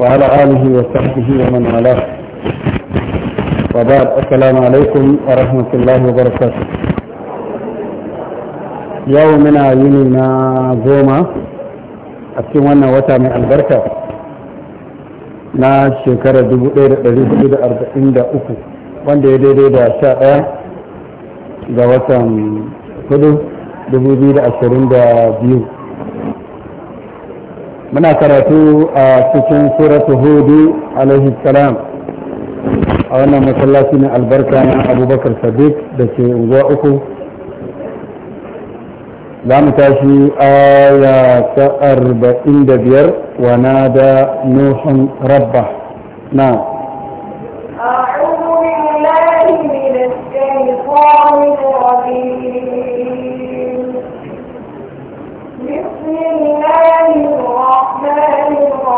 وعلى آله وصحبه ومن والاه وبعد السلام عليكم ورحمة الله وبركاته يومنا يومنا زوما أتمنى وتا من البركة دي دي 1443 wanda ya daidai da 11 ga watan 4 2022 muna karatu a cikin suratu hudu alaihi salam a wannan masallaci albarka na abubakar sadiq da ke unguwa uku za mu tashi aya ta arba'in da biyar wa na da nuhun rabba na أعوذ بالله من الشيطان الرجيم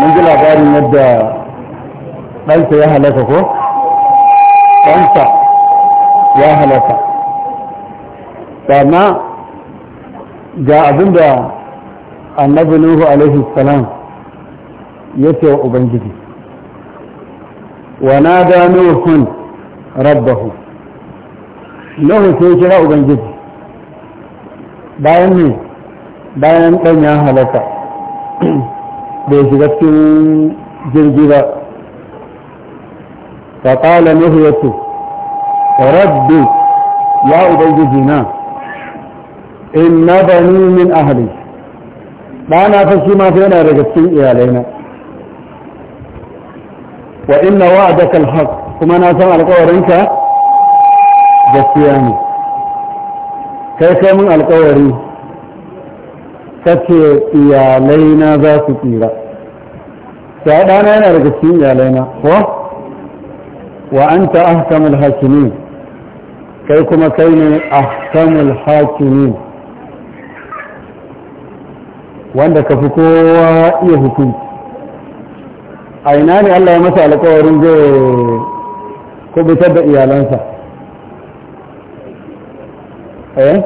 mun ji labarin yadda ɗansa ya halaka ko? ɗansa ya halaka sannan ga abin da annabi nuhu alaihi salam ya ce wa ubangiji Wana da nuhun rabbahu nuhu sai kira ubangiji bayan ne bayan ɗan ya halaka bai shiga cikin jirgi ba fa qala nuhyatu rabbi ya ubangiji na inna bani min ahali? ɗana fa shi ma yana daga cikin iyalaina wa inna wa'daka alhaq kuma na san alƙawarinka gaskiya ne kai kai mun alƙawari kace iyalai na za su tsira ta yana daga cikin iyalai na ko wa anta ahkamul hakimin kai kuma kai ne ahkamul hakimin wanda ka fi kowa iya hukunci a ina ne Allah ya masa alƙawarin zai kubutar da iyalansa eh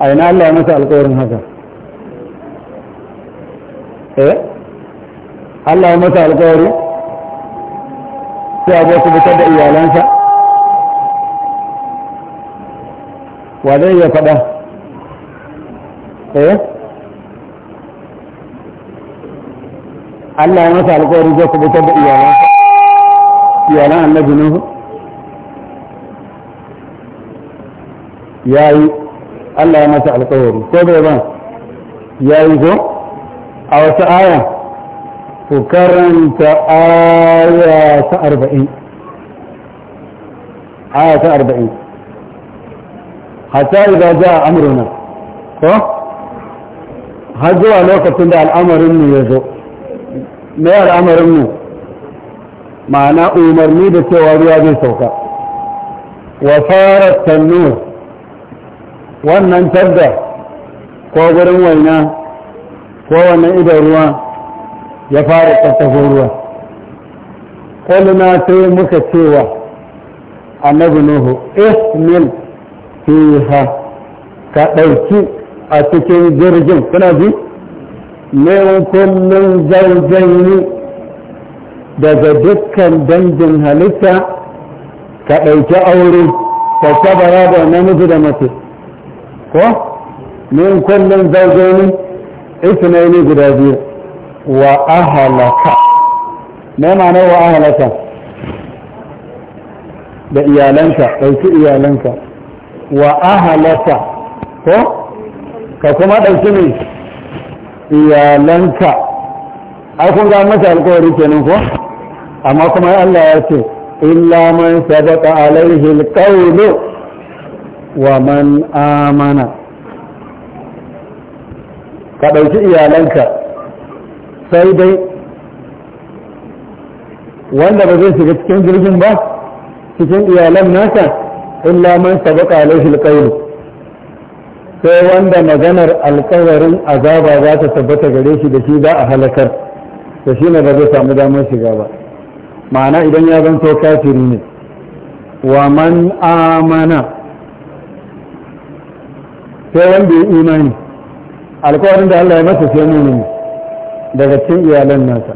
a ina Allah ya masa alƙawarin haka eh Allah ya masa alƙawari sai abu su fitar da iyalansa wa zai ya faɗa eh Allah ya masa alƙawari zai fitar da iyalansa iyalan annabi Nuhu yayi Allah ya masa alkawari ko bai ban ya yi zo? a wata aya ku karanta aya ta arba'in aya ta arba'in hatta idza a amruna ko har zuwa lokacin da al'amarinmu ya zo me al'amarinmu? mu ma'ana umarni da cewa ruwa zai sauka wa fara tannur wannan tabda ko gurin waina ko wannan idan ruwa ya fara tattafin ruwa ƙwalina sai muka cewa annabi nuhu ismil fiha ka ɗauki a cikin jirgin kuna ji min kullum zaujaini daga dukkan dangin halitta ka ɗauki aure ka tabara da namiji da mace ko min kullum zaujeni ithnaini guda biyu wa ahalaka me ma'anar wa ahalaka da iyalanka ɗauki iyalanka wa ahalaka ko ka kuma ɗauki ne iyalanka ai kun ga masa alkawari kenan ko amma kuma Allah ya ce illa man sabaqa alaihi alqawlu ومن آمن iyalanka إيالنك سيدي wanda ba zai shiga cikin jirgin ba cikin iyalan nasa illa man sabaka alaihi alqawl sai wanda maganar alkawarin azaba za ta tabbata gare shi da shi za a halakar da shi ne ba zai samu damar shiga ba ma'ana idan ya zanto kafiri ne wa man amana sai wanda ya imani alkawarin da Allah ya masa sai ne daga cikin iyalan nasa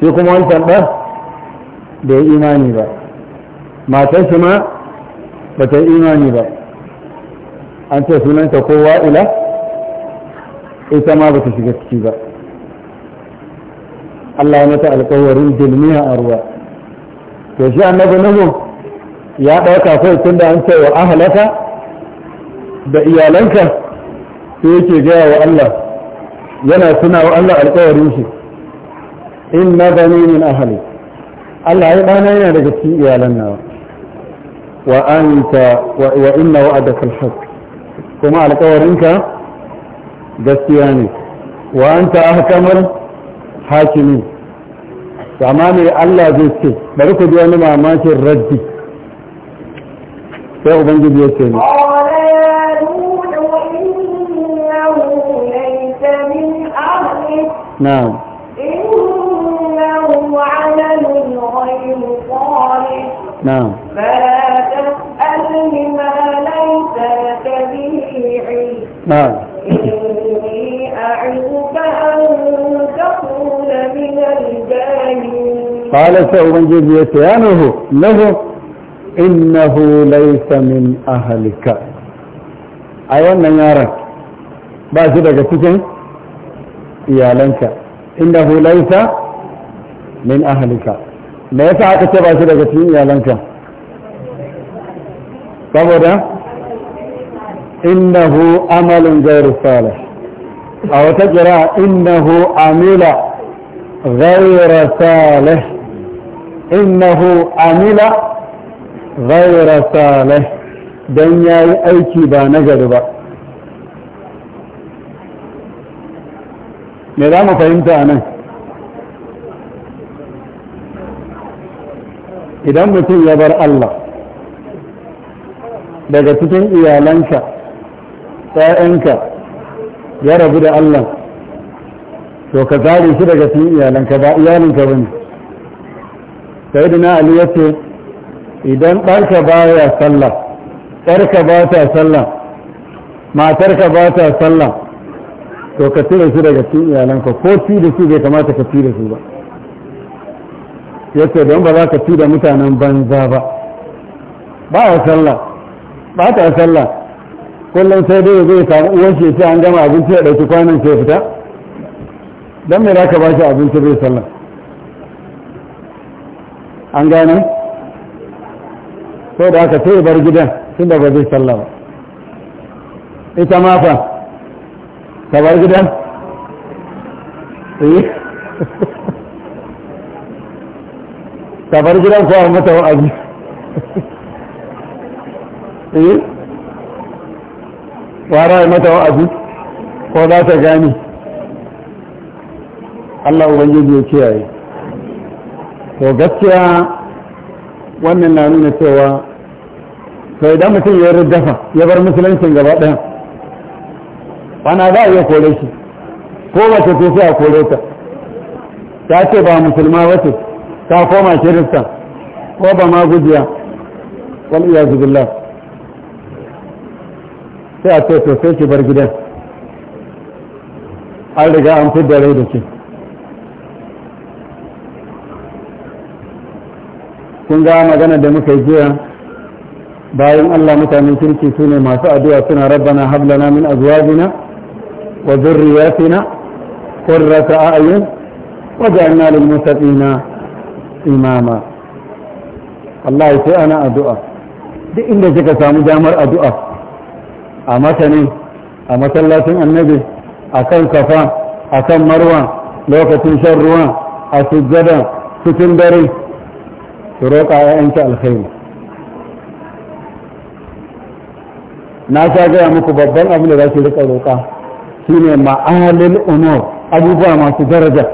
sai kuma wancan ɗan da ya imani ba matan shi ma ba ta imani ba an ce sunanta ko wa'ila ita ma ba ta shiga ciki ba Allah ya mata alkawarin jilmiya a ruwa to shi annabi nuhu ya ɗauka kai tunda an ce wa ahalaka da iyalanka sai yake gaya wa Allah yana suna wa Allah alƙawarin shi In na gani min ahli Allah ya bana yana daga cikin iyalan nawa wa anta wa inna wa'adaka alhaq kuma alƙawarinka gaskiya ne wa anta ahkamar hakimin amma me Allah zai ce bari ku ji wani mamakin raddi sai ubangiji ya ce na'am نعم فلا تسألني ما ليس لك به علم نعم إني أعوذ أن تكون من الجاهلين قال سأبنجي أنه له innahu laysa min ahlika a wannan yaran. ba shi daga cikin iyalanka innahu laysa min ahlika me yasa aka ce ba shi daga cikin iyalanka saboda innahu amalun ghairu salih a wata kira innahu amila ghairu salih innahu amila ghaira salih dan yayi aiki ba na gari ba me za mu fahimta nan idan mutum ya bar Allah daga cikin iyalanka ‘ya'yanka ya rabu da Allah to ka zare shi daga cikin iyalanka ba iyalinka ba ne sai Ali ya ce idan ɗanka baya sallah ɗarka ba ta sallah matarka ba ta sallah to ka tura su daga cikin iyalanka ko ci da su bai kamata ka ci da su ba yace don ba za ka ci da mutanen banza ba ba a sallah ba ta sallah kullum sai dai zai samu uwan shi an gama abinci ya ɗauki kwanan sai fita don me za ka ba shi abinci bai sallah an gane Ko da aka sai bar gidan tun da ba zai sallah ba ita ma fa ka bar gidan eh ka bar gidan ko a mata wa'azi eh wara mata wa'azi ko za ta gani Allah Ubangiji ya kiyaye to gaskiya wannan na nuna cewa to idan mutum ya dafa ya bar musuluncin gaba ɗaya bana za a iya kore shi ko wace ce sai a kore ta ta ce ba musulma ba ce ta koma kirista ko ba ma gujiya wal iya billah sai a ce to sai ki bar gidan an riga an fi da rai da ke kun ga magana da muka jiya bayan Allah mutanen kirki su ne masu addu'a suna rabbana hablana min azwajina wa zurriyatina qurrata a'yun waj'alna lil muttaqina imama Allah ya sai ana addu'a duk inda kika samu damar addu'a a matane a masallacin annabi a kan kafa a kan marwa lokacin shan ruwa a sujjada cikin dare ki roƙa ‘ya'yanki alkhairu na sha gaya muku babban abin da za ki rika roƙa ne ma'alil umar abubuwa masu daraja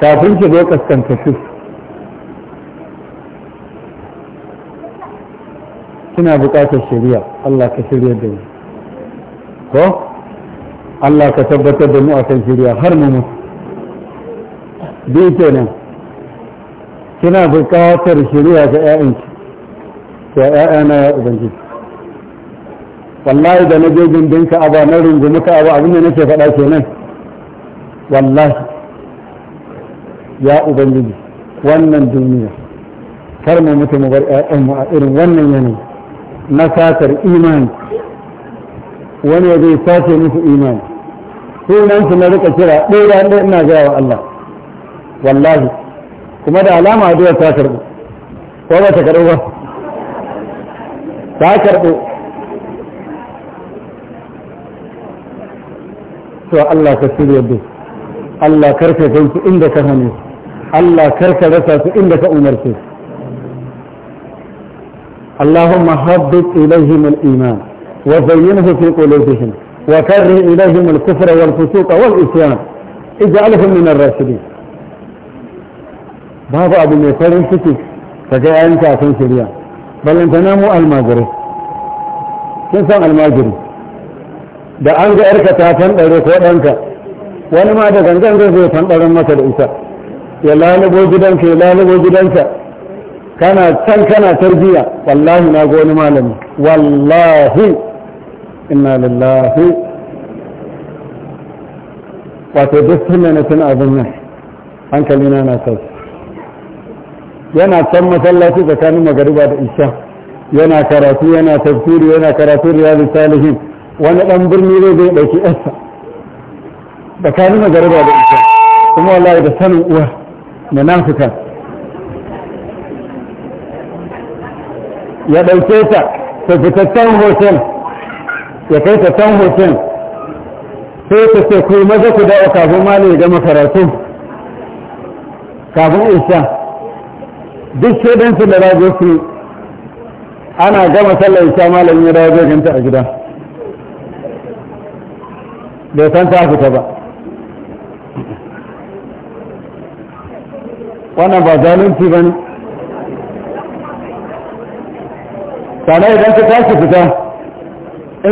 kafin ki zo kaskantattu kina buƙatar shari'a Allah ka shirya da ni ko Allah ka tabbatar da mu a kan shari'a har mu mutu bi kenan kina buƙatar shirya ga ƴaƴanki ga ƴaƴana ya ubangiji wallahi da na je gindin Aba na rungumi Aba abin da nake faɗa kenan wallahi ya ubangiji wannan duniya kar mu mutu mu bar ƴaƴanmu a irin wannan yanayi na satar imani wani ya zai sace musu imani sunan su na rika kira ɗaya da ɗaya ina gaya wa Allah wallahi kuma da alama addu'ar ta karɓu ko ba ta karɓu ba ta karɓu to Allah ka shirya duk Allah karka kai su inda ka hane Allah karka rasa su inda ka umarce اللهم حبب إليهم الإيمان وزينه في قلوبهم وكره إليهم الكفر والفسوق والإسلام اجعلهم من الراشدين babu abu mai farin ciki ka ga yayin kafin shirya ballantana mu almajiri kin san almajiri da an ga yarka ta dare ko ɗanka wani ma da gangan zai zai daren maka da ita ya lalubo gidanka ya lalubo gidanka kana can kana tarbiya wallahi na ga wani malami wallahi inna lillahi wato duk sunna na abin nan hankali na na sauki yana can masallaci tsakanin magariba da isha yana karatu yana tafsiri yana karatu riyadu salihin wani dan birni zai zai dauki yarsa tsakanin magariba da isha kuma wallahi da sanin uwa munafikan ya ɗauke ta ta can hoton ya kai ta can hoton sai ta ce ku maza ku dawo kafin ma ne gama karatu kafin isha duk shaidansu da rago su ana gama sallar isha malamin ya dawo zai ganta a gida bai san ta fita ba wannan ba zalunci ba ne sana idan ta tashi fita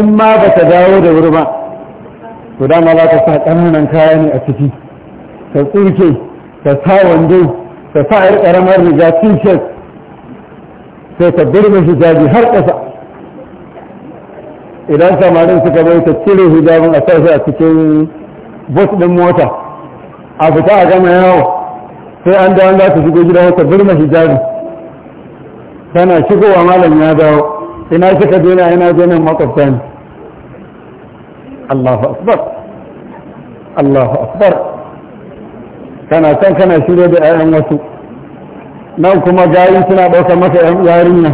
in ma ba ta dawo da wuri ba to dama za ta sa ƙananan kaya ne a ciki ta tsirke ta sa wando فصائر ارمار نجاتين شك فتبرم جزاجي هر قصع إلى أنت ما دمت كبير تتسلي هجاب أساسا تتسلي بط بموتا أفتاء كما يهو في أنت أنت تسجد له تبرم جزاجي فأنا شكو ومالا من هذا إنا شكدين إنا جنة موقف ثاني الله أكبر الله أكبر kana san kana shirya da 'ya'yan wasu nan kuma gayi suna ɗaukar masa 'yan yarinya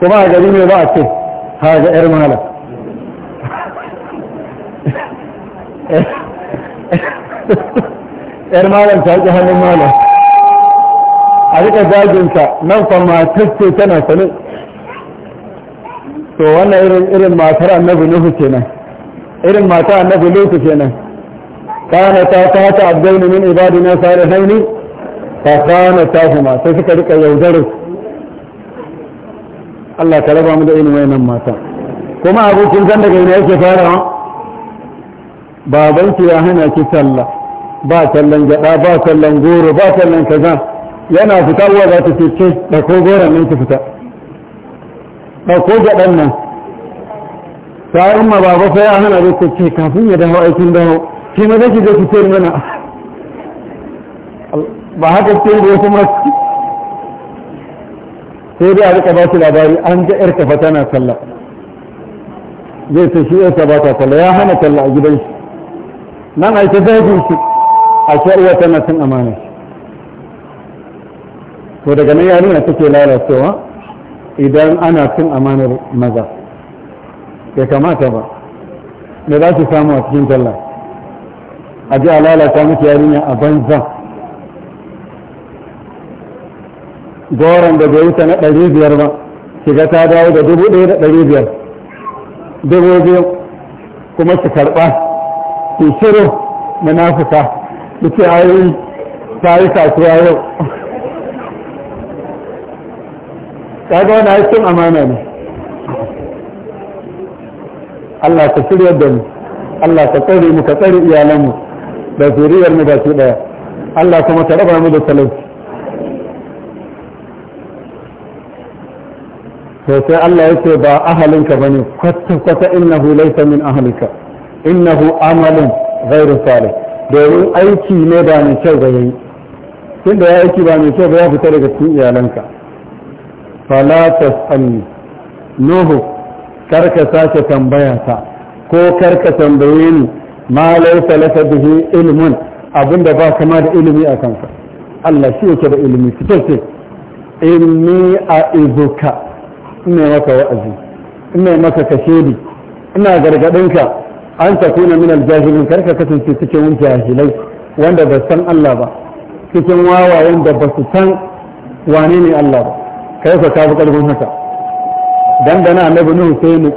kuma a gari ne ba a ce ha ga 'yar malam ‘yar malam ta ƙi hannun malam a rika zaginka nan kwa matar ce tana sanin to wannan irin matar annabi nuhu kenan irin mata annabi lutu kenan kanata ta ta abdaini min ibadina salihaini fa kanata huma sai suka rika yaudarar Allah ka raba mu da irin wayannan mata kuma abokin zan daga ina yake fara babanki ya hana ki sallah ba sallan gyaɗa ba sallan goro ba sallan kaza yana fita uwa za ta ce ce ɗauko goron nan ki fita ko gyaɗan nan sa'in ma baba sai ya hana zai ce kafin ya dawo aikin dawo ke ma zai shiga fitar mana ba haka ce da wasu masu sai dai a rika ba su labari an ga 'yar kafa tana sallah zai ce shi yarka ba ta sallah ya hana sallah a gidan shi nan a ita zagin shi a shari'a tana cin amana to daga nan yarinya take lalacewa idan ana cin amanar maza bai kamata ba me za su samu a cikin sallah a ji a lalata miki yarinya a banza goron da bai wuta na ɗari biyar ba shiga ta dawo da dubu ɗaya da ɗari biyar dubu biyu kuma su karɓa su shiru munafuka su ce ayi ta yi kasuwa yau kaga wani aikin amana ne Allah ka shirya da mu Allah ka tsare mu ka tsare iyalanmu da zuriyar mu baki daya Allah kuma ta raba mu da talauci to sai Allah yake ba ahalinka bane kwata kwata innahu laysa min ahlika innahu amalun ghairu salih domin aiki ne ba mai kyau ga yayi da ya aiki ba mai kyau ba ya fita daga cikin iyalanka fala tasalni nuhu karka sake tambaya ta ko karka tambaye ni ma laisa laka bihi ilmun abinda ba kama da ilimi a kansa Allah shi yake da ilimi ce inni a'izuka ina maka wa'azi ina maka kashedi ina gargadinka an kuna min aljahilin karka kasance cikin jahilai wanda ba san Allah ba cikin wawayen da ba su san wane ne Allah ba kai ka kafi karfin haka dan da na annabi Nuhu sai ni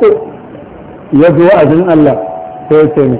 ya zo a jin Allah sai ya ce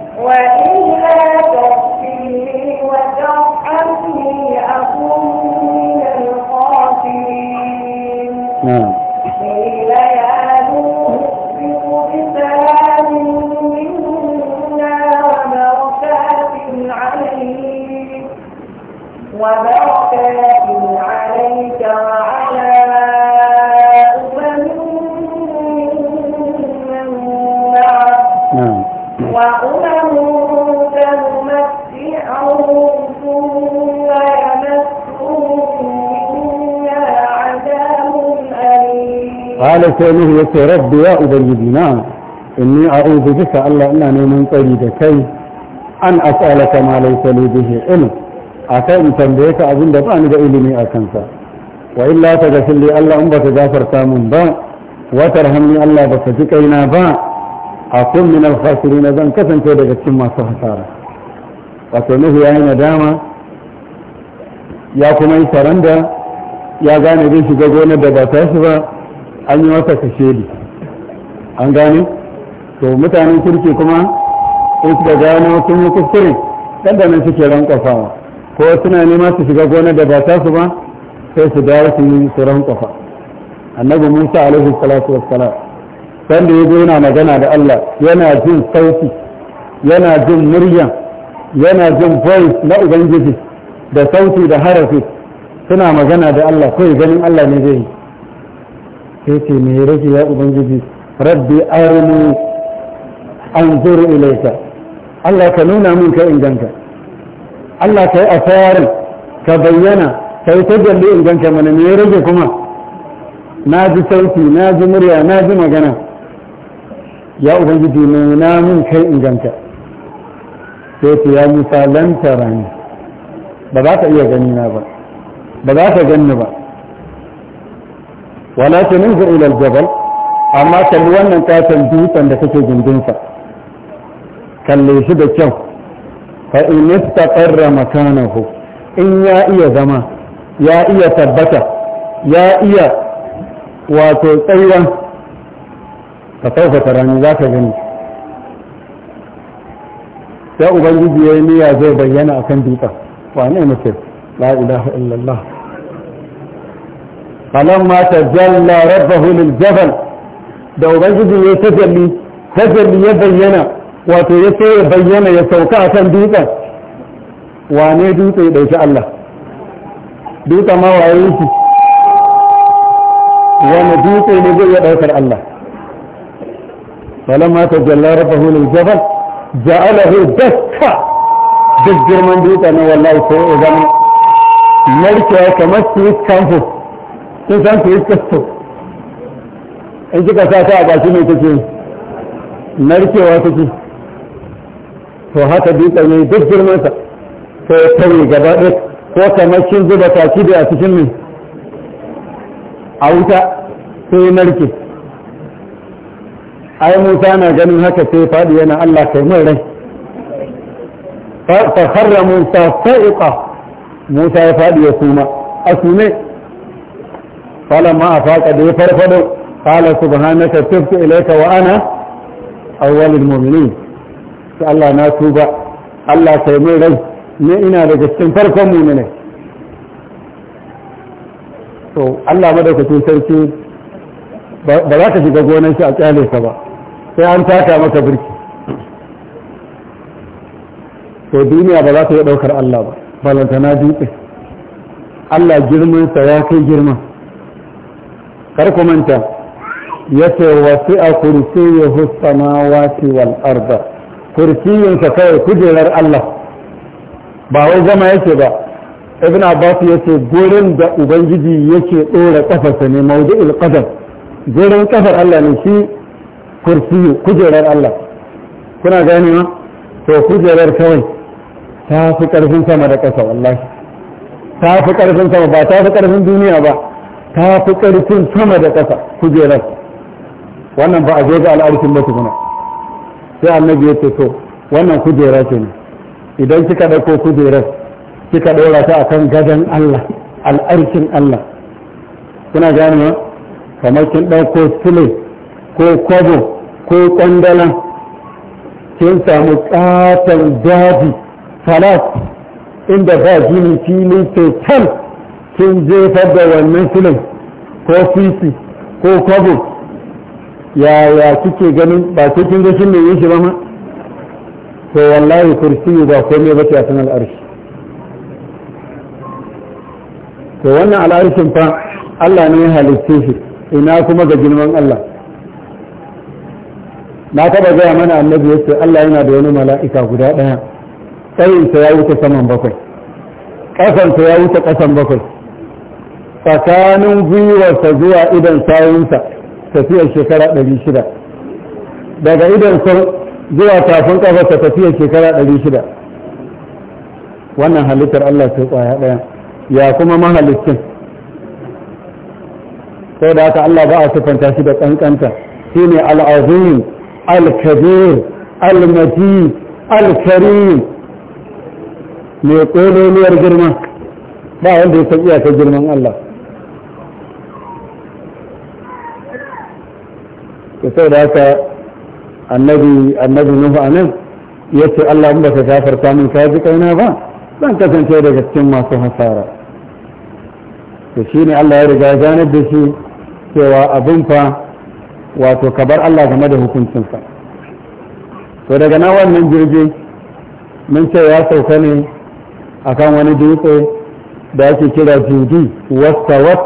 qala sai ce yace rabbi ya ubangijina inni a'udhu bika Allah ina neman tsari da kai an as'alaka ma laysa li bihi ilm akai in tambaye ka abin da ba ni da ilimi a kansa wa illa taghfir li Allah in baka gafarta mun ba wa tarhamni Allah baka ji kaina ba akun min al na zan kasance daga cikin masu hasara wato nuhu ya yi nadama ya kuma yi saranda ya gane zai shiga gonar da ba ta shi ba an yi masa kashedi an gane to mutanen kirki kuma in suka gano sun yi kuskure ɗanɗanan suke rankwafawa ko suna nema su shiga gonar da ba ta su ba sai su dawo su yi su rankwafa annabi musa alaihi salatu wassalam sanda ya zo yana magana da allah yana jin sauti yana jin murya yana jin voice na ubangiji da sauti da harafi suna magana da allah kai ganin allah ne zai yi sai ce me rage ya ubangiji rabbi arini zuru ilayka Allah ka nuna min ka inganta Allah ka yi asarin ka bayyana ka yi tajalli inganta mana me rage kuma na ji sauti na ji murya na ji magana ya ubangiji nuna min kai inganta sai ce ya musa lan tarani ba za ka iya gani na ba ba za ka ganni ba wala tanzu ila aljabal amma kalli wannan katon dutsen da kake gindinsa kalle shi da kyau fa in istaqarra makanahu in ya iya zama ya iya tabbata ya iya wato tsayuwan ka taufata tarani za ka gani sai ubangiji ya yi zai bayyana akan dutsen ne mutum la ilaha illallah falamma tajalla rabbahu lil jabal da ubangiji ya tajalli tajalli ya bayyana wato ya sai ya bayyana ya sauka a kan dutsen wane dutse ya dauki Allah dutsen ma waye shi wani dutse ne zai iya daukar Allah falamma tajalla rabbahu lil jabal ja'alahu dakka duk girman dutsen wallahi sai ya zama narkewa kamar su kamfus kin san ku yi kasto in kika sa ta a baki mai kake narkewa kake to haka dutsen ne duk girmansa sai ya tauye gaba ɗaya ko kamar kin zuba taki da a cikin mai a wuta sai narke ai musa na ganin haka sai faɗi yana allah kai mai rai fa harra musa sa'iqa musa ya faɗi ya suma a sume a afaqa da ya farfado qala subhanaka tubtu ilaika wa ana awwalul mu'minin sai Allah na tuba Allah kai mai rai ne ina daga cikin farkon mu'minai to Allah madaukakin sarki ba za ka shiga gonan shi a kyale ka ba sai an taka maka birki to duniya ba za ta yi ɗaukar Allah ba balantana dutse Allah girmansa ya kai girman kar ku manta yace wasi'a na samawati wal arda kursiyinsa kai kujerar Allah ba wai zama yake ba ibn abbas yace gurin da ubangiji yake dora kafarsa ne mawdu'ul qadam gurin kafar Allah ne shi kursiyu kujerar Allah kuna gani ma to kujerar kawai ta fi karfin sama da ƙasa wallahi ta fi karfin sama ba ta fi karfin duniya ba ta fi ƙarfin sama da ƙasa kujerar wannan ba a je ga al'arkin ba tukuna sai annabi ya ce to wannan kujera ce ne idan kika ɗauko kujerar kika ɗora ta akan gadon Allah al'arkin Allah kuna gane ma kamar kin ɗauko sule ko kwabo ko ƙwandala kin samu ƙaton daji salat inda ba jini fili total sun jefar da wannan filin ko fisi ko kwabo yaya kike ganin ba sai kin ga shi mai yin shi ba ma to wallahi kursi ba komai ba ce a sanar arshi to wannan al'arshin fa Allah ne ya halitte shi ina kuma ga girman Allah na taba gaya mana annabi ya ce Allah yana da wani mala'ika guda ɗaya tsayinsa ya wuce saman bakwai ƙasansa ya wuce ƙasan bakwai tsakanin gwiwarsa zuwa idan sawunsa tafiyar shekara 600 daga idan sau zuwa tafin kafarsa tafiyar shekara 600 wannan halittar Allah sai kwaya ɗaya ya kuma mahalicin sai da haka Allah ba a sufanta shi da ƙanƙanta shi ne al'azim al-kabir al-maji al-karim mai ƙololiyar girma ba wanda ya san iyakar girman Allah to sai da haka annabi annabi nuhu anan yace Allah in baka gafarta min ka ji kaina ba zan kasance daga cikin masu hasara to shine Allah ya riga ganar da shi cewa abin fa wato kabar Allah game da hukuncinsa to daga na wannan jirgi mun ce ya sauka ne akan wani dutse da ake kira judi wasta wat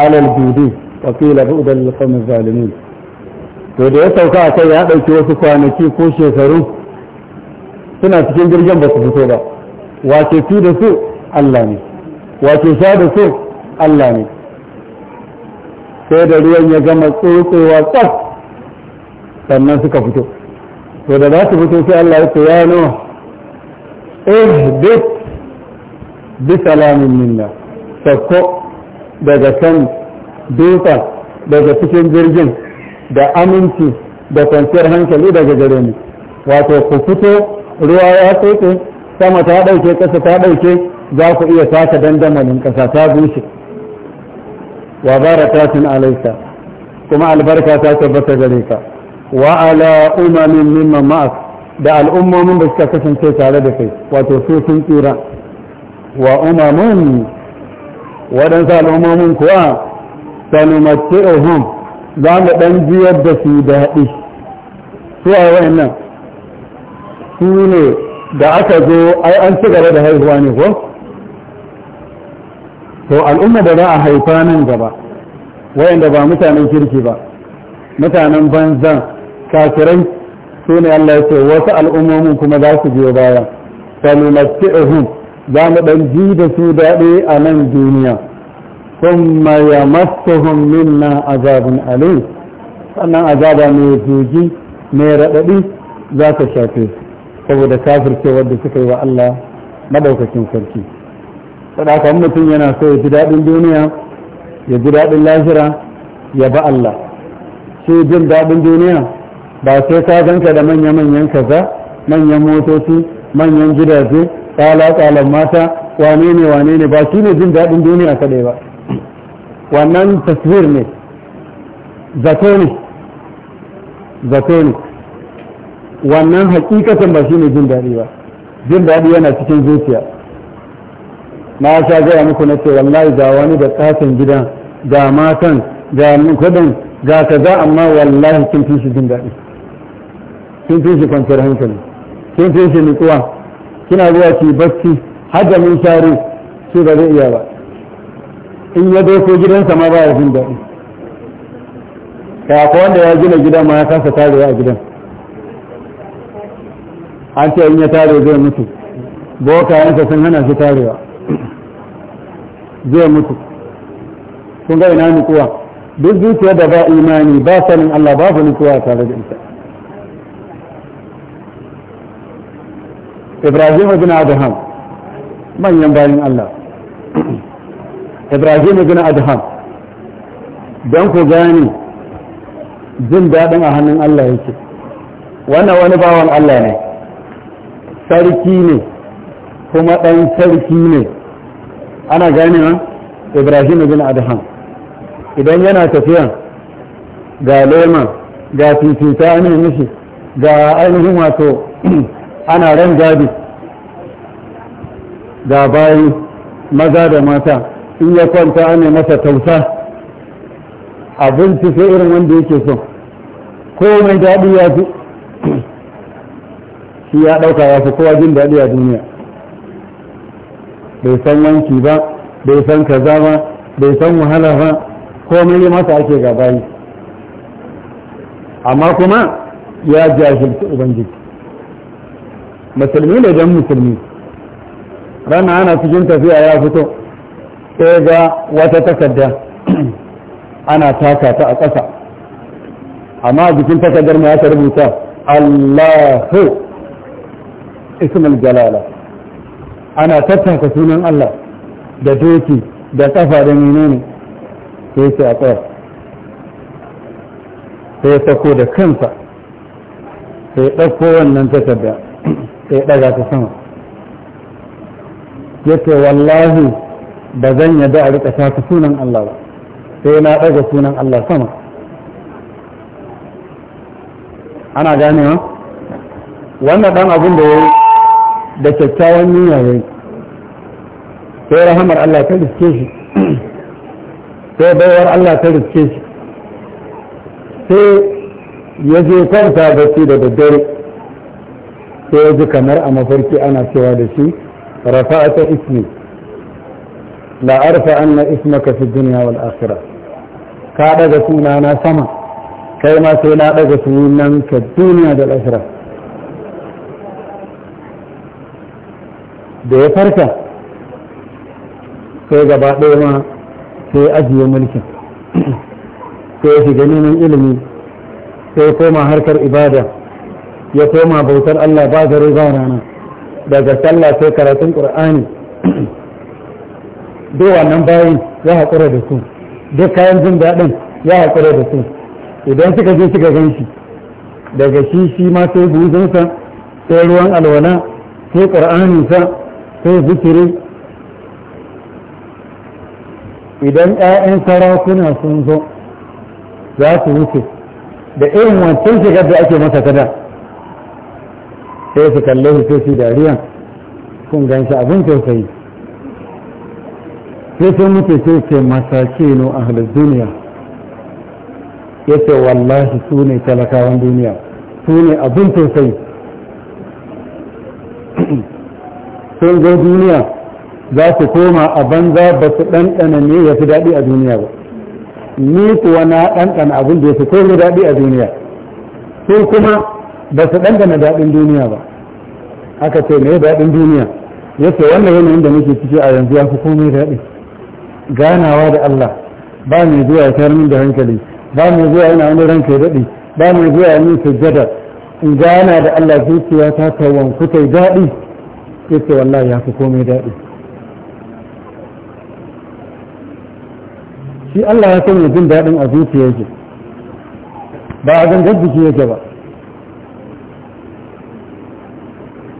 alal judi wa qila bu'da lil qawmi zalimin to da ya sauka a kai ya ɗauki wasu kwanaki ko shekaru suna cikin jirgin ba su fito ba wace ci da su Allah ne wace sha da su Allah ne sai da ruwan ya gama tsotsewa tsaf sannan suka fito to da za su fito sai Allah ya ce nuna eh ihdit bi salamin minna sakko daga kan dutsen daga cikin jirgin da aminci da kwanciyar hankali daga gare mu wato ku fito ruwa ya tsoke sama ta ɗauke ƙasa ta ɗauke za ku iya taka dandamalin ƙasa ta bushe wa bara ta barakatun alaika kuma albarka ta tabbata gare ka wa ala umamin mimman ma'ak da al'ummomin da suka kasance tare da kai wato su sun tsira wa umamun waɗansu al'ummomin kuwa sanumatti'uhum za mu ɗan jiyar da su daɗi su a wayannan su ne da aka zo ai an ci gaba da haihuwa ne ko to al'umma da za a haifa nan gaba wayanda ba mutanen kirki ba mutanen banzan kafirai su ne Allah ya ce wasu al'ummomin kuma za su biyo baya salumatti'uhum za mu ɗan ji da su daɗi a nan duniya ثم يمسهم na azabin أليم sannan azaba mai joji mai raɗaɗi za ta shafe saboda kafircewar da suka yi wa Allah maɗaukacin sarki sadaka mutum yana so ya ji daɗin duniya ya ji daɗin lahira ya ba Allah shi jin daɗin duniya ba sai ka ganka da manya-manyan kaza manyan motoci manyan gidaje tsala-tsalan mata wane ne wane ne ba shi ne jin daɗin duniya kaɗai ba wannan taswir ne zato ne zato ne wannan hakikatan ba shi ne jin daɗi ba jin daɗi yana cikin zuciya na sha gaya muku na ce wallahi ga wani da ƙaton gidan ga matan ga kudin ga kaza amma wallahi kin fi shi jin daɗi kin fi shi kwanciyar hankali kin fi shi nutsuwa kina zuwa ki bacci hajjamin shari su ba zai iya ba in ya doso gidansa ma ya jin daɗi kaka wanda ya gina gidan ma ya kasa tare a gidan an ce in ya tare zai mutu bokayensa sun hana shi tarewa zai mutu kun ga ina nukuwa duk zuciya da ba imani ba sanin Allah babu nukuwa tare da ita Ibrahim bin Adham manyan bayan Allah ibrahim ibn adham don ku gane jin daɗin a hannun Allah yake wannan wani bawan Allah ne sarki ne kuma ɗan sarki ne ana gane na ibrahim ibn adham idan yana tafiya ga lema ga fifita ne mishi ga ainihin wato ana ran gadi ga bayi maza da mata in ya kwanta ana masa tausa abinci sai irin wanda yake so mai daɗi ya fi shi ya ɗauka ya fi kowa jin daɗi a duniya bai san wanki ba bai san kaza ba bai san wahala ba ko komai masa ake gabayi amma kuma ya jahilci ubangiji musulmi ne don musulmi rana ana cikin tafiya ya fito sai ga wata takarda ana taka ta a ƙasa amma jikin takardar ma ta rubuta Allahu ismul jalala ana tattaka sunan Allah da doki da ƙafa da menene sai sai a ƙasa sai ya sako da kansa sai ya ɗauko wannan takarda sai ya ɗaga ta sama yake wallahi ba zan yadda a rika shafi sunan Allah ba sai na ɗaga sunan Allah sama ana ganewa wannan ɗan abin da ya da kyakkyawan niyya ya yi sai rahamar Allah ta riske shi sai baiwar Allah ta riske shi sai ya je kwanta bacci da daddare sai ya ji kamar a mafarki ana cewa da shi rafa'ata ismi لا أرفع أن اسمك في الدنيا والآخرة كعبك أنا سما كيما سنانك سنانك الدنيا والآخرة دي فرقة فرسة في جبادهما في أجي ملك في جنين العلم في كوما هركر إبادة يكوما بوتر الله بعد رضانا دي جسالة في كراتين قرآني duk wannan bayan ya haƙura da su duk kayan jin daɗin ya haƙura da su idan suka je suka gan shi daga shi shi ma sai buzinsa sai ruwan alwana sai ƙar'aninsa sai zikiri idan 'ya'yan sarakuna sun zo za su wuce da irin wancan shigar da ake masa kada sai su kalle su sai su dariya kun gan shi abin sosai. sai sai mutu sai ce masakinu ahli duniya yace wallahi su ne talakawan duniya su ne abin tausayi sun zo duniya za su koma a banza ba su ɗanɗana ne ya fi daɗi a duniya ba ni kuwa na ɗanɗana abin da ya fi komai daɗi a duniya su kuma ba su ɗanɗana daɗin duniya ba aka ce me daɗin duniya yace wannan yanayin da muke ciki a yanzu ya fi komai daɗi ganawa da Allah ba mai zuwa ya tarmin min da hankali ba mai zuwa yana wani ranke daɗi ba mai zuwa ya min sujjada in gana da Allah zuciya ta kawon kutai daɗi yace wallahi ya fi komai daɗi shi Allah ya sanya jin daɗin a zuciya yake ba a gangan jiki yake ba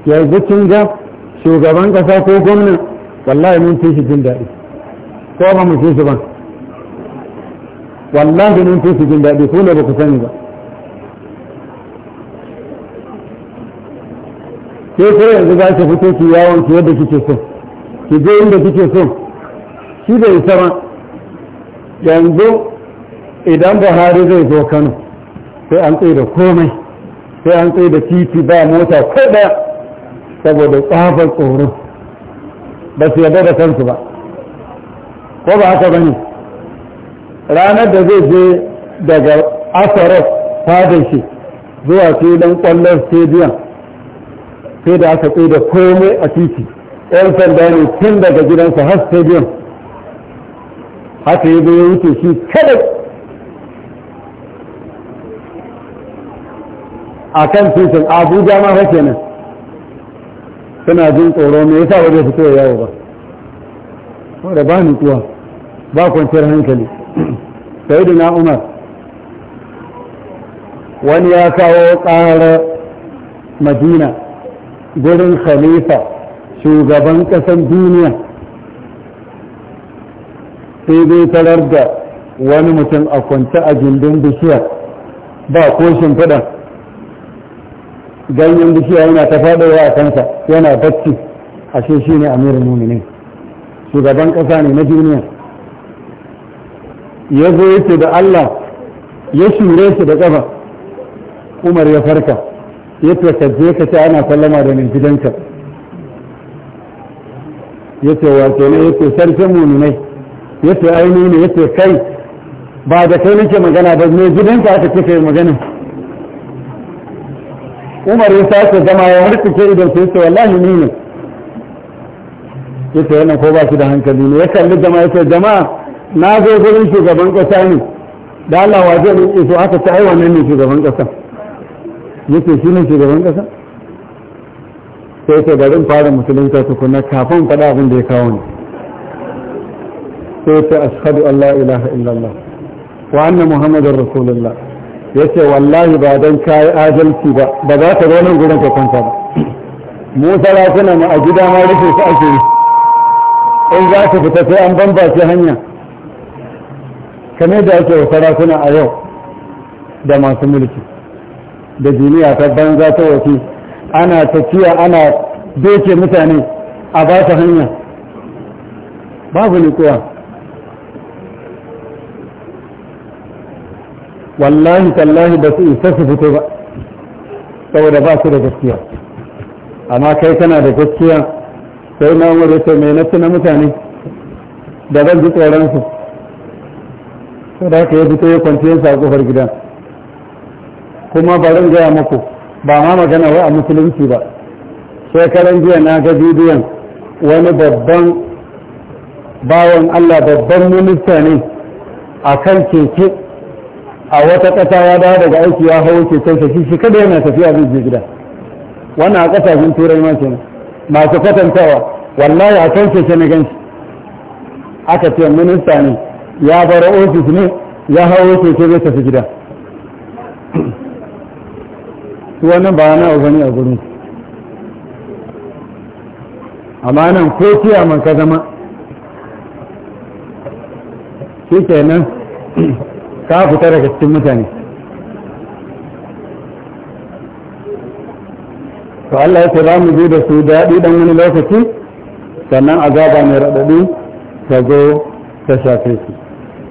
yanzu kin ga shugaban ƙasa ko gwamna wallahi mun fi shi jin daɗi ko ba mu fi ba wallahi mun fi su jin daɗi ko ne ba ku sani ba sai yanzu za ki fito ki yawon ki yadda kike so ki je inda kike so shi bai isa ba yanzu idan buhari zai zo kano sai an tsaye da komai sai an tsaye da titi ba mota ko ɗaya saboda tsafar tsoro ba su yarda da kansu ba ko ba haka bane ranar da zai je daga asarar fadin shi zuwa filin kwallon stadium sai da aka tsaye da komai a titi yan sanda ne tun daga gidansa har stadium haka ya zai wuce shi kadai a kan titin abuja ma hake nan suna jin tsoro me yasa waje su fito yawo ba wadda ba ni kuwa ba kwanciyar hankali sai na umar wani ya kawo ƙarar madina gurin khalifa shugaban ƙasan duniya sai dai tarar da wani mutum a kwance a gindin bishiya ba ko shimfiɗan ganyen bishiya yana ta faɗowa a kansa yana bacci ashe shi ne amirin ne shugaban ƙasa ne na duniya ya zo yake da Allah ya shure shi da ƙafa umar ya farka ya ka ka ce ana sallama da mai gidanka ya ce ke ne ya ce sarkin ne ya ce aini ne ya ce kai ba da kai nake magana ba ne gidanka aka ce kai magana umar ya sake zama ya harkace idan sai ce wallahi ni ne ya ce wannan ko ba shi da hankali ne ya kalli jama'a ya ce jama'a na zo gurin shugaban kasa ne da Allah wa zai rike su aka ta aiwa ne shugaban kasa yake shi ne shugaban kasa sai ta garin fara musulunta tukuna kafin faɗa abin da ya kawo ne sai ta ashadu Allah ilaha illallah wa annan muhammadin rasulullah ya ce wallahi ba don kayi adalci ba ba za ka zo nan gurin ka kwanta ba mu sarakuna ma a gida ma rufe su ake in za ka fita sai an bambace hanya kamar da ake wa suna a yau da masu mulki da duniya ta banza ta wafi ana tafiya ana doke mutane a ba ta hanya babu ne kuwa wallahi tallahi ba su isa su fito ba saboda ba su da gaskiya amma kai kana da gaskiya sai na wuri sai mai na mutane da zan ji su. sai da haka ya fito ya kwanciyar sa a kofar gidan kuma barin gaya muku ba ma magana wai a musulunci ba shekaran jiya na ga bidiyon wani babban bawan allah babban minista ne a kan keke a wata ƙasa ya dawo daga aiki ya hau keken shi shi kada yana tafiya zai je gida wannan a ƙasashen turai ma kenan masu kwatantawa wallahi a kan keke na ganshi aka ce minista ne ya bar ofis ne ya hawo keke zai tafi gida su wannan ba na abu gani a gurin amma nan ko man ka zama shi kenan ka fita daga cikin mutane to Allah ya ce za mu je da su daɗi ɗan wani lokaci sannan azaba mai raɗaɗi ta zo ta shafe su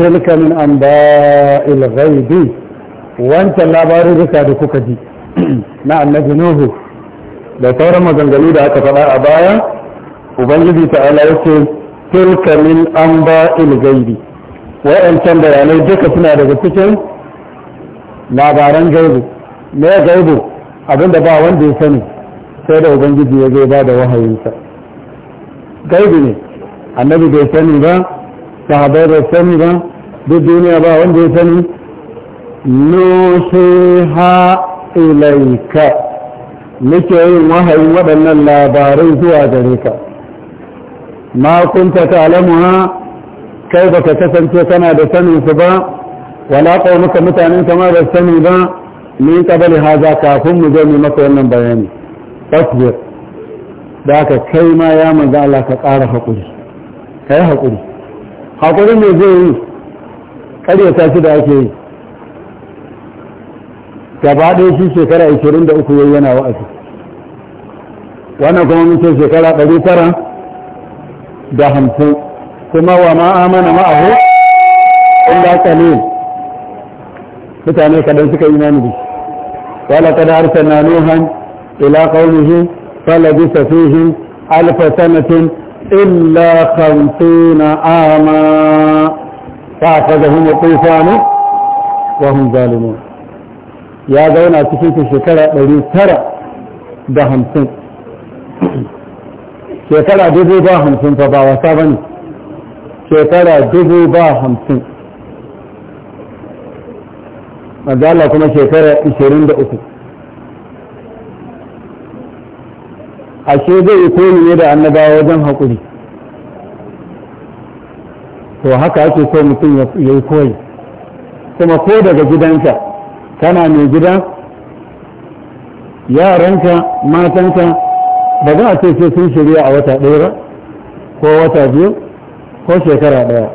tilka min anba'il ghaibi wancan labarin duka da kuka ji na annabi nuhu da sauran maganganu da aka faɗa a baya ubangiji ta'ala yake tilka min anba'il ghaibi wa'ancan bayanai duka suna daga cikin labaran gaibu me gaibu abinda ba wanda ya sani sai da ubangiji ya zai ba da wahayinsa gaibu ne annabi bai sani ba sahabai da sani ba duk duniya ba wanda ya sani ha ilaika nake yin wahayin waɗannan labarai zuwa gare ka ma kunta ha kai baka kasance kana da sanin su ba wala muka mutanen kama da sani ba min qabli haza kafin mu je mu maka wannan bayani tasbir da ka kai ma ya manzo Allah ka ƙara hakuri kai haƙuri. hakuri ne zai yi ƙaryata shi da ake yi gaba ɗaya shi shekara 23 yayi yana wa'azi wannan kuma mun ce shekara 950 da hamsin kuma wa ma amana ma'ahu illa qalil mutane kadan suka yi imani da shi wala kad arsalna nuhan ila qaumihi falabisa safihin alf sanatin إلا خمسين عاما فأخذهم الطوفان وهم ظالمون يا زونا تشيك شكرا لدي ترى ده همسين شكرا دبو با همسين فبا وسابني شكرا دبو با همسين manzo Allah kuma shekara 23 ashe zai koyi ne da annabawa wajen haƙuri to haka ake so mutum ya yi koyi kuma ko daga gidanka kana mai gida yaranka matanka ba za a ce sai sun shirya a wata ɗaya ko wata biyu ko shekara ɗaya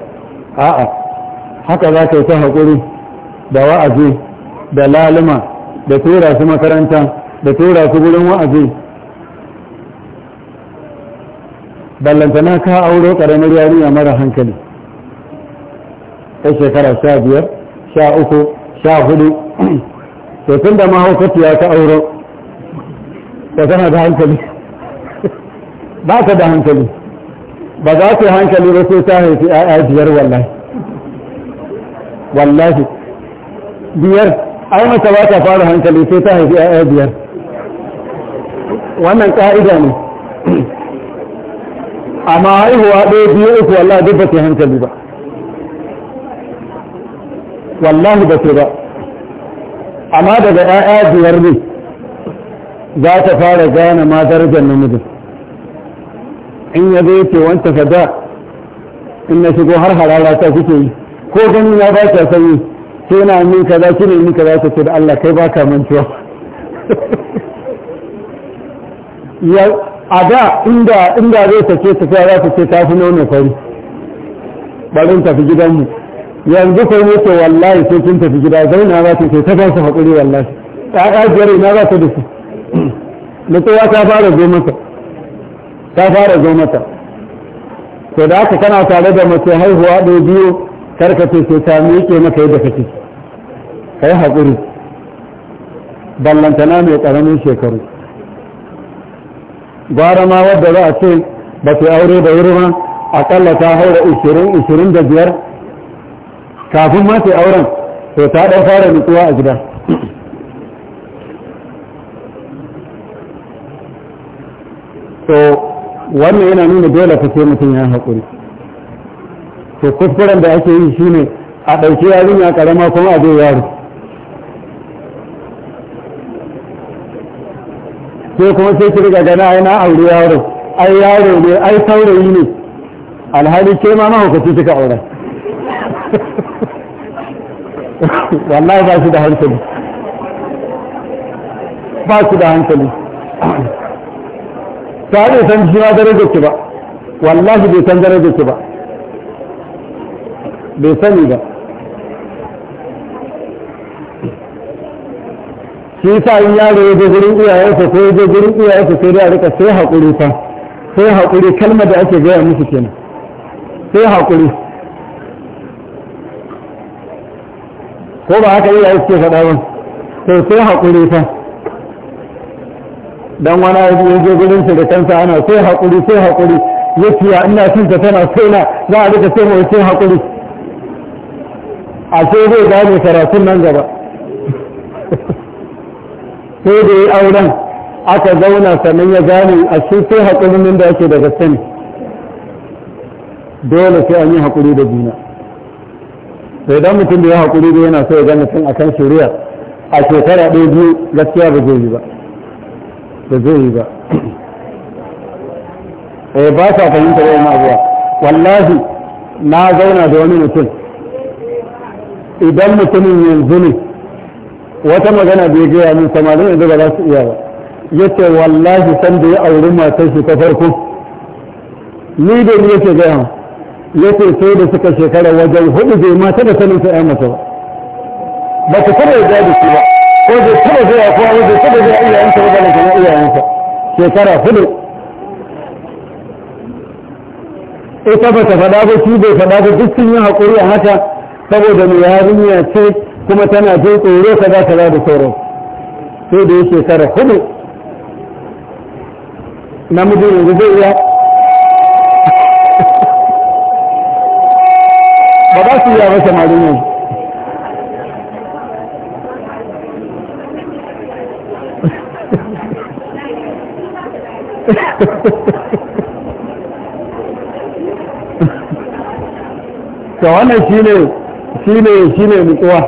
a'a haka za ka yi ta haƙuri da wa'azi da laluma da tura su makaranta da tura su gurin wa'azi ballantana ka auro karamar yarinya mara hankali ta shekara sha biyar sha uku sha hudu to tun da mahaukaciya ka auro ta tana da hankali ba ta da hankali ba za ta hankali ba sai ta haifi a biyar wallahi wallahi biyar ai mata ba ta fara hankali sai ta haifi a biyar wannan ƙa'ida ne amma haihuwa ɗaya biyu uku wallahi duk ba hankali ba wallahi ba ta ba amma daga ƴaƴa biyar ne za ta fara gane ma darajar namijin in ya zai ce wanta da in na shigo har harara ta kuke yi ko gani ya ba ka sanyi sai na min kaza ki ne min kaza ka ce da Allah kai ba ka mantuwa a da inda inda zai sake su sai za su ce ta fi nono fari barin tafi gidanmu yanzu kai ne wallahi sai kin tafi gida zauna za ta ce ta ba su haƙuri wallahi ta jere ina za ta da su ta fara zo mata ta fara zo mata to da haka kana tare da mace haihuwa ɗaya biyu ce sai ta miƙe maka yadda kake kai haƙuri ballantana mai ƙaramin shekaru gwara ma wadda za a ce ba su aure da wuri ma akalla ta haura da biyar kafin ma su auren to ta ɗan fara nutsuwa a gida to wannan yana nuna dole ta ce mutum ya haƙuri to kuskuren da ake yi shine a ɗauki yarinya ƙarama kuma a zai yaro sai kuma sai ki riga gana ai na aure yaro ai yaro ne ai saurayi ne alhali ke ma mahaukaci suka aure wallahi ba su da hankali ba su da hankali ta ne san shi ma darajar ki ba wallahi bai san darajar ki ba bai sani ba shi yasa in yaro ya je gurin iyayensa ko ya je gurin iyayensa sai dai a rika sai haƙuri fa sai haƙuri kalmar da ake gaya musu kenan sai haƙuri ko ba haka iyaye suke faɗa ba to sai haƙuri fa dan wani ya je gurin su da kansa ana sai haƙuri sai haƙuri yakiya ina cin ta tana sai na za a rika sai mai sai haƙuri a sai zai gane karatun nan gaba sai da ya auren aka zauna sannan ya gane a shi sai haƙurin nan da yake daga sani dole sai an yi haƙuri da juna sai dan mutum da ya haƙuri da yana sai ya gane a akan shari'a a shekara ɗaya biyu gaskiya ba zai yi ba ba zai yi ba eh ba sa fahimta da yana zuwa wallahi na zauna da wani mutum idan mutumin yanzu ne wata magana da ya gaya min samarin yanzu ba za su iya ba yace wallahi san da ya auri matar shi ta farko ni da ni yake gaya yace sai da suka shekara wajen hudu bai mata da sanin sai mata ba ba ku taba ya da shi ba ko bai taba zuwa ko bai taba zuwa iyayensa ba da kuma iyayensa shekara hudu ita ba ta faɗa ba shi bai faɗa ba duk sun yi haƙuri a haka saboda mai yarinya ce kuma tana jin tsoro ta kaza da sauran sai da yake shekara hudu namiji yanzu zai iya ba ba su iya masa malin yanzu ta wannan shi ne shi ne shi ne nutsuwa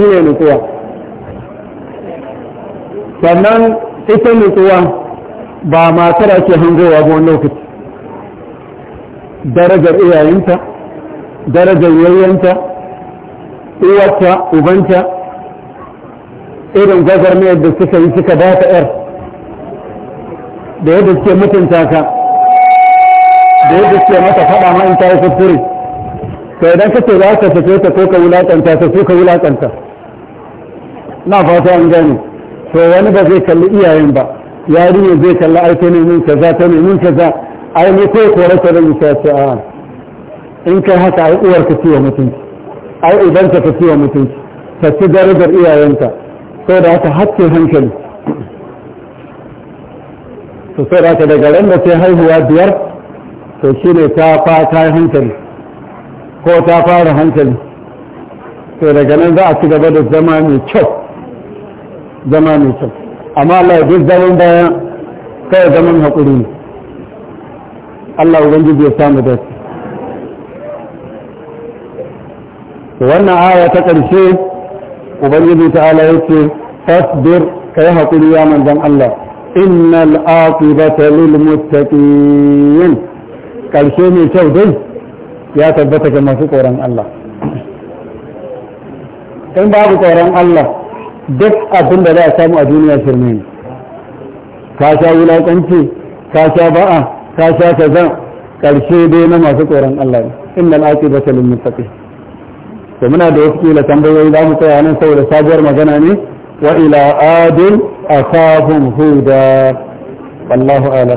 shi ne nutsuwa sannan ita nutsuwa ba matar ake hangowa ba wani lokaci darajar iyayenta darajar yayyanta uwarta ubanta irin gwagwarmayar da suka yi suka ba ta yar da yadda suke mutunta ka da yadda suke mata faɗa ma in ta yi kuskure sai idan ka ce za ka sake ta ko ka wulaƙanta ta su ka wulaƙanta na fata an gane to wani ba zai kalli iyayen ba yarinya zai kalli ai ta nemin kaza ta nemin kaza ai ne kai kore ta da musa ce a in kai haka ai uwar ka ciwo mutunci ai idan ka ka ciwo mutunci ta ci darajar iyayenka sai da haka hakkin hankali to sai da haka daga ran da sai haihuwa biyar to shine ta fa ta hankali ko ta fara hankali to daga nan za a ci gaba da zama mai kyau zama mai kyau amma Allah ya duk zaman baya kai zaman haƙuri ne Allah ubangiji ya samu da wannan aya ta ƙarshe ubangiji ta'ala ya ce fasbir yi haƙuri ya manzon Allah innal aqibata lil muttaqin ƙarshe mai kyau dai ya tabbata ga masu tsoron Allah in babu tsoron Allah duk abin da za a samu a duniya firme ne ka sha wulaƙanci ka sha ba'a ka sha kaza ƙarshe dai na masu tsoron Allah ne inda ba ta lil muttaqin to muna da wasu kila tambayoyi za mu tsaya nan saboda sabuwar magana ne wa ila adin akhahum huda wallahu ala.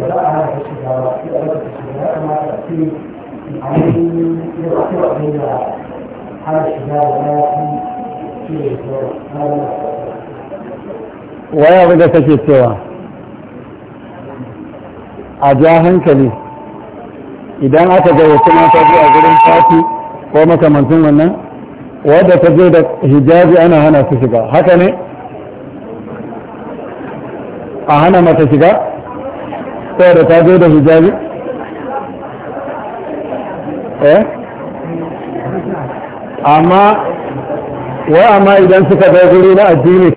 waya a take cewa a ja hankali idan aka ga wasu mata zuwa gurin fati ko makamantin wannan wadda ta je da hijabi ana hana su shiga haka ne a hana mata shiga saboda ta zo da hijabi eh amma wai amma idan suka ga guri na addini